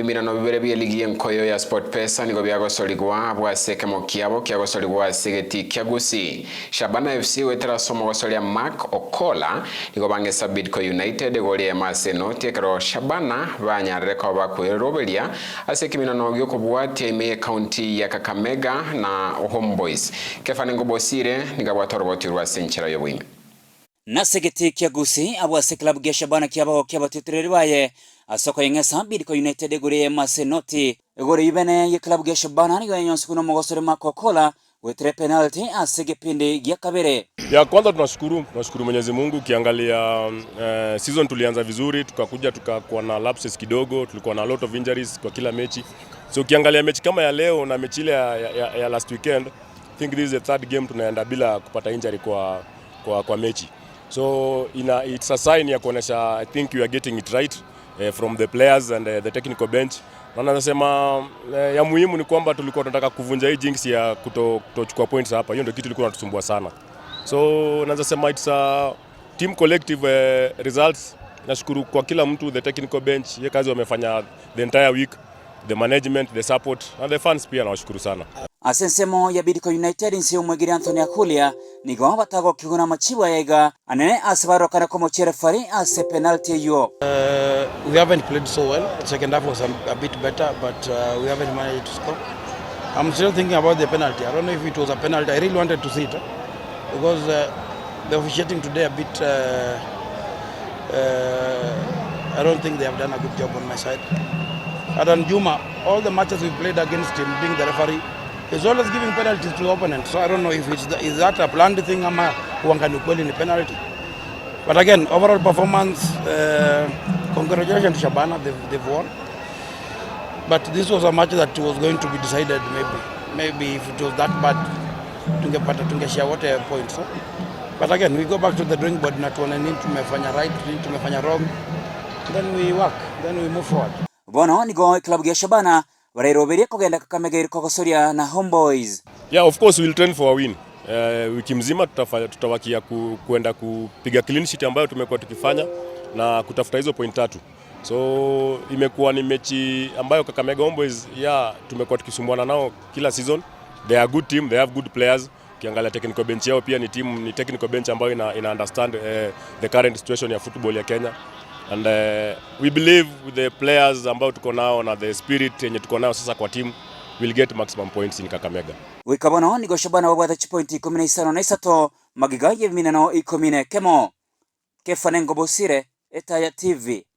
emirano bibere byeligiye nkoyo ya sport pesa SportPesa niko byagosoligwa bwasekemo kiabo kyagosoligwa asegeti kyagusi Shabana FC weterasomo gosolya Mark Okola niko bangesa Bidco United goli ya maseno tekero Shabana banyarire ko bakwerobelia asekimirano gyo kubwati ime county ya Kakamega na Homeboys kefane ngobosire nigabwatoroboti rwa senchera yobwime nase giti kiagusi abo ase klabu gia shabana kiabago kiabatwitireri baye asoko ing'esa bidco united egore emase noti egore ibene ye klabu gia shabana nigo enyonsi kuno ma kokola gwetire penalty ase gipindi gia kabere ya kwanza. Tunashukuru, tunashukuru Mwenyezi Mungu. Ukiangalia uh, season tulianza vizuri, tukakuja tukakuwa na lapses kidogo, tulikuwa na lot of injuries kwa kila mechi, so ukiangalia mechi kama ya leo na mechi ile ya, ya, ya last weekend, I think this is the third game tunaenda bila kupata injury kwa, kwa, kwa mechi So ina, it's a sign ya kuonesha I think you are getting it right uh, from the players and uh, the technical bench. Na nasema uh, eh, ya muhimu ni kwamba tulikuwa tunataka kuvunja hii jinx ya kutochukua kuto points hapa. Hiyo ndio kitu ilikuwa inatusumbua sana. So naweza sema it's a team collective uh, results. Nashukuru kwa kila mtu, the technical bench, ye kazi wamefanya the entire week, the management, the support and the fans pia nawashukuru sana asensemo ya bidco united nsiumwegiri anthony akhulia nigo batago kiguna machiwa yaiga anene asibarokana komochiere fari ase penalty yo uh, we haven't played so well the second half was a, a bit better but uh, we haven't managed to score i'm still thinking about the penalty i don't know if it was a penalty i really wanted to see it because uh, the officiating today a bit uh, uh, i don't think they have done a good job on my side Adan Juma all the matches we played against him being the referee is always giving penalties to the opponent. So I don't know if it's the, is that a planned thing ama huanga ni kweli ni penalty. But again, overall performance, uh, congratulations to Shabana, they've, they've won. But this was a match that was going to be decided maybe. Maybe if it was that bad, tungepata tungeshare wote points. So. But again, we go back to the drawing board na tuone nini tumefanya right, nini tumefanya wrong. Then we work, then we move forward. Bwana Onigo, klabu ya Shabana warero bareroberia kugenda kakamegeri kogosoria na Homeboys. Yeah, of course we'll train for a win. Uh, wiki mzima tutafanya tutawakia ku, kuenda kupiga clean sheet ambayo tumekuwa tukifanya na kutafuta hizo point tatu. So imekuwa ni mechi ambayo Kakamega Homeboys yeah, tumekuwa tukisumbuana nao kila season. They are good team, they have good players. Ukiangalia technical bench yao pia ni team, ni technical bench ambayo ina, ina understand uh, the current situation ya football ya Kenya and uh, we believe with the players ambao tuko nao na the spirit yenye tuko nayo sasa kwa team we'll get maximum points in Kakamega wikabonao nigo shabana wadha chipointi ikumi na isano na isato magigaye biminano ikumi na kemo kefanengo bosire ya tv